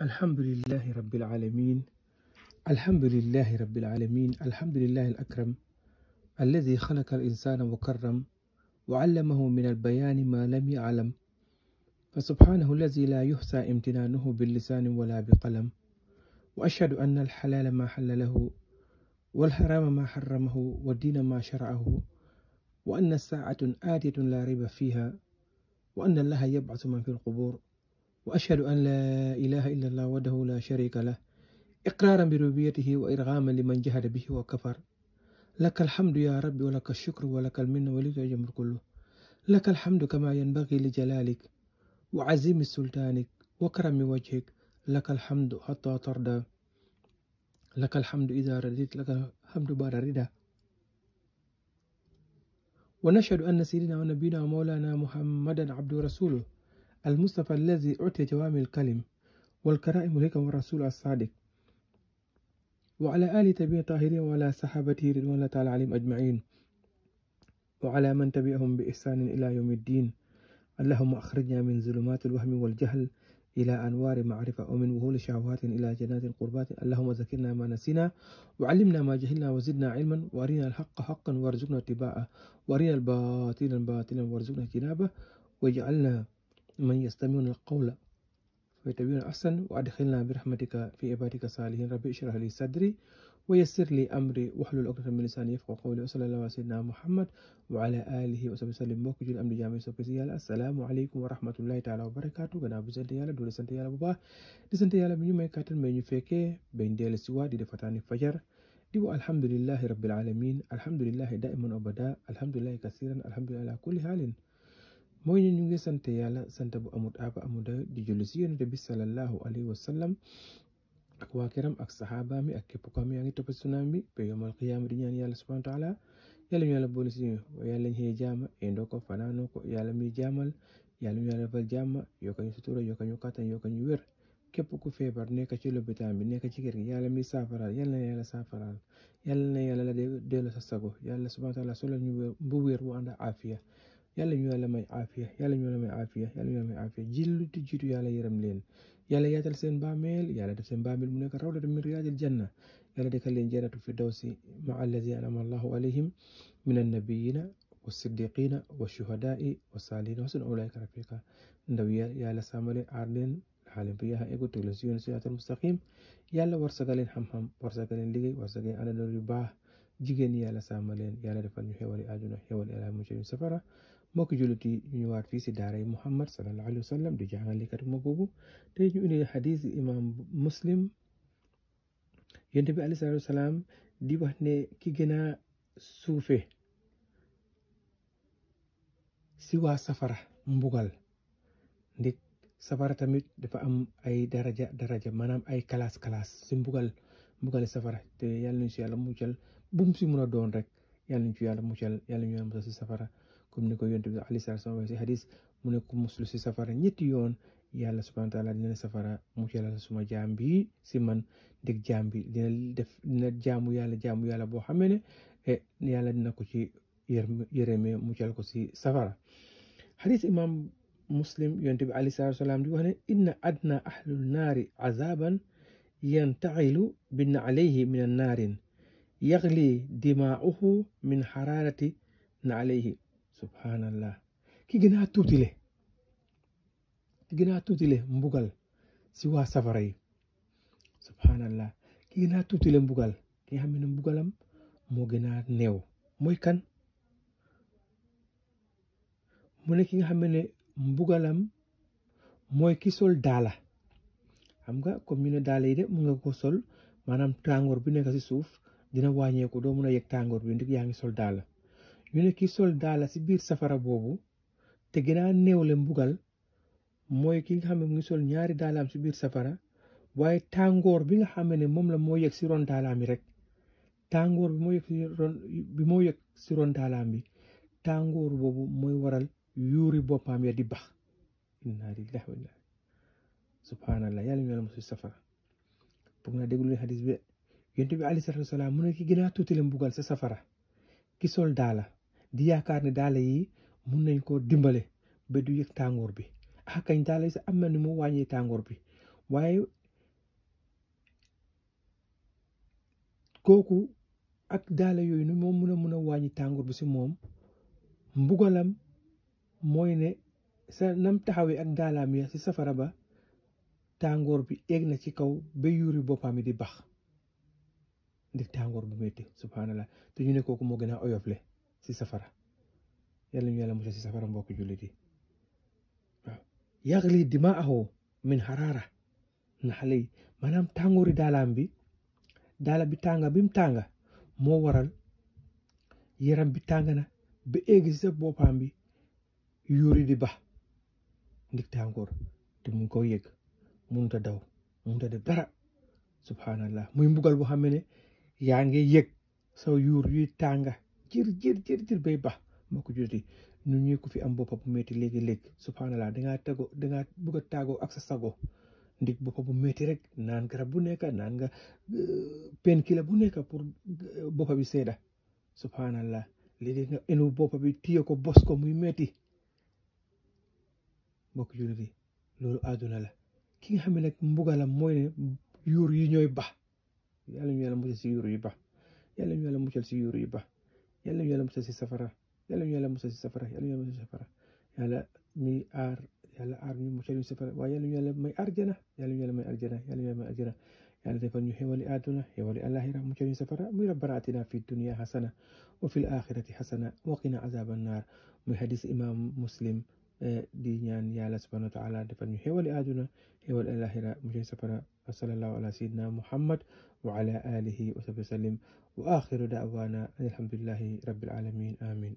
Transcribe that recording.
الحمد لله رب العالمين الحمد لله رب العالمين الحمد لله الأكرم الذي خلق الإنسان وكرم وعلمه من البيان ما لم يعلم فسبحانه الذي لا يحصى امتنانه باللسان ولا بقلم وأشهد أن الحلال ما حل له والحرام ما حرمه والدين ما شرعه وأن الساعة آتية لا ريب فيها وأن الله يبعث من في القبور وأشهد أن لا إله إلا الله وحده لا شريك له إقرارا بربوبيته وإرغاما لمن جهد به وكفر لك الحمد يا رب ولك الشكر ولك المن ولك الجمر كله لك الحمد كما ينبغي لجلالك وعزيم سلطانك وكرم وجهك لك الحمد حتى ترضى لك الحمد إذا رضيت لك الحمد بعد رضا ونشهد أن سيدنا ونبينا ومولانا محمدا عبد رسوله المصطفى الذي أعطي جوامع الكلم والكرائم الهكم والرسول الصادق وعلى آل تبيه الطاهرين وعلى صحابته رضوان الله تعالى عليهم أجمعين وعلى من تبعهم بإحسان إلى يوم الدين اللهم أخرجنا من ظلمات الوهم والجهل إلى أنوار معرفة ومن وهول شهوات إلى جنات القربات اللهم ذكرنا ما نسينا وعلمنا ما جهلنا وزدنا علما وأرنا الحق حقا وارزقنا اتباعه وأرنا الباطل باطلا وارزقنا اجتنابه واجعلنا من يستمعون القول فيتبعون أحسن وأدخلنا برحمتك في عبادك الصالحين ربي اشرح لي صدري ويسر لي أمري وحلو العقدة من لساني يفقه قولي وصلى الله على سيدنا محمد وعلى آله وصحبه وسلم موكج الأمر جامع سوكسي السلام عليكم ورحمة الله تعالى وبركاته غنا أبو سنتي يالا دولي سنتي يالا بباه دي سنتي يالا من يومي كاتن من يفكي بين ديال سوا دي دفتاني فجر ديو الحمد لله رب العالمين الحمد لله دائما أبدا الحمد لله كثيرا الحمد لله على كل حال moƴni ñu ngi sante yàlla sante bu amut aaba amuda di julli si yonente bi salallahu alayhi wasallam ak waa kiram ak sahabaami ak képp kam yaa ngi topp sunaam bi ba yomal qiyaama di ñaan yàlla subhana taala yàlla mu yàlla boole si yàlla ñu xëy jaama indoo ko fanaanoo ko yàlla muy jaamal yàlla mu yàlla fal jaama yokka ñu sutura yokka ñu kàttan yokka ñu wér képp ku feebar nekk ci lopitan bi nekk ci kër gi yàlla muy saafaraal yàlla na yàlla saafaraal yàlla na yàlla la dee sa sago yàlla subhana taala solal ñu wér mbu wér bu ànd afia yàlla ñu yàlla may aafiya yàlla ñu yàlla may aafiya yàlla ñu yàlla may aafiya jilluti jiitu yàlla yërëm leen yàlla yaatal seen bàmmeel yàlla def seen bàmmeel mu nekk rawdatu min riyaadil janna yàlla dekkal leen jannatu firdawsi ma allazi anama allahu alayhim min annabiyina والصديقين والشهداء والصالحين وحسن أولئك رفيقا ندويا يا لسامل عارلين حالين بيها إيكو تغلسيون سيئات المستقيم يا لورسقالين حمهم ورسقالين لغي ورسقالين على نور باه جيجين يا لساملين يا لدفن يحيوالي آجنا يحيوالي إلى مجرم سفرة mbokk jullit ñu ñëwaat fii si daara yi muhammad sallallahu Alaihi wa sallam di jàngalekat bu mag boobu tey ñu indi xadis imam muslim yang bi alayhi salatu wasalaam di wax ne ki gën a suufe si waa safara mbugal ndik safara tamit dafa am ay daraja daraja maanaam ay kalaas kalaas si mbugal mbugal safara te yàlla nañ si yàlla muccal bu mu si mun a doon rek yàlla ci yàlla yàlla ñu yàlla safara comme ni ko yonent bi aleyhi salaatu salaam si hadis mu ne ku muslu si safara ñetti yoon yàlla subhaana taala dina suma jaam bi si man dégg jaam bi dina def dina jaamu yàlla jaamu yàlla boo xamee ne e, yàlla dina ko ci yërëme muccal ko si safara hadis imam muslim yonent bi aleyhi salaatu salaam di wax ne inna adna naar naari azaban yantaxilu binna alayhi min annaarin yaxli dimaauhu min xaraarati na alayhi subhanallah ki gëna tuti le ki gëna tuti le mbugal ci wa safara yi subhanallah ki gëna tuti le mbugal ki xamni mbugalam mo gëna a moy kan mu ne ki nga xamne mbugalam moy ki sol dala xam nga comme ñu ne daala yi de mu nga ko sol manam tangor bi nekk ci suuf dina do mu na yek tangor bi ndik yaangi sol dala ñu ne ki sol daala si biir safara boobu te gën a néewle mbugal mooy kii nga xam ne mu ngi sol ñaari daalaam si biir safara waaye tàngoor bi nga xam ne moom la moo yëg si ron daalaam rek tàngoor bi moo yëg si ron bi moo boobu mooy waral yuuri boppam ya di bax inna lillahi wa inna subhanallah yàlla ñu yàlla mosu safara bëgg naa mu ne ki gën a tuuti la mbugal sa safara ki sol daala di yaakaar ne daala yi mun nañ koo dimbale ba du yëg tàngoor bi ah yi sax am na mu wàññee tàngoor bi waaye kooku ak daala yooyu nu moom mun a mun a wàññi tàngoor bi si moom mbugalam mooy ne sa nam taxawee ak daalaam ya si safara ba tàngoor bi eeg na ci kaw ba yuuri boppam di bax ndik tàngoor bu métti subhanallah te ñu ne kooku moo gën a oyof le ci safara yàlla ñu yàlla musal ci safara mbokk jullit yi waaw yaxli dimaahu min xaraara naxaley maanaam tàngoori daalaam bi daala bi tànga bi mu tànga moo waral yaram bi tàng na ba egg ci sa boppam bi yuuri di ba ndik tàngoor te mu ngi ko yëg mënut a daw mënut ta def dara subhanallah muy mbugal boo xam ne yaa ngi yëg sa yuur yuy tànga jër jër jër jër bay baax moo ko jotee ñun ñuy ko fi am boppa bu métti léegi-léegi subhanallah dangaa tago dangaa bëgg a taagoo ak sa sago ndig boppa bu métti rek naan garab bu nekk naan nga pen kila bu nekk pour boppa bi seeda subhanallah léegi nga enu bi téye ko bos ko muy métti mbokk jullit yi loolu àdduna la ki nga xam ne nag mbugalam mooy ne yuur yi ñooy ba yàlla ñu yàlla mucal si yuur yi ba yàlla ñu yàlla mucal si yuur yi ba يلا يلا متسي سفرة يلا يلا متسي سفرة يلا يلا متسي سفرة يلا مي أر يلا أر مي مشاري سفرة ويلا يلا مي أرجنا يلا يلا مي أرجنا يلا يلا مي أرجنا يلا تفن يهولي أدنا يهولي الله رحمة مشاري سفرة مي ربراتنا في الدنيا حسنة وفي الآخرة حسنة وقنا عذاب النار مي حديث إمام مسلم آه، دينيان يالا سبحانه وتعالى دفن يهولي أدنا يهولي الله رحمة مشاري سفرة وصلى الله على سيدنا محمد وعلى آله وصحبه وسلم وآخر دعوانا الحمد لله رب العالمين آمين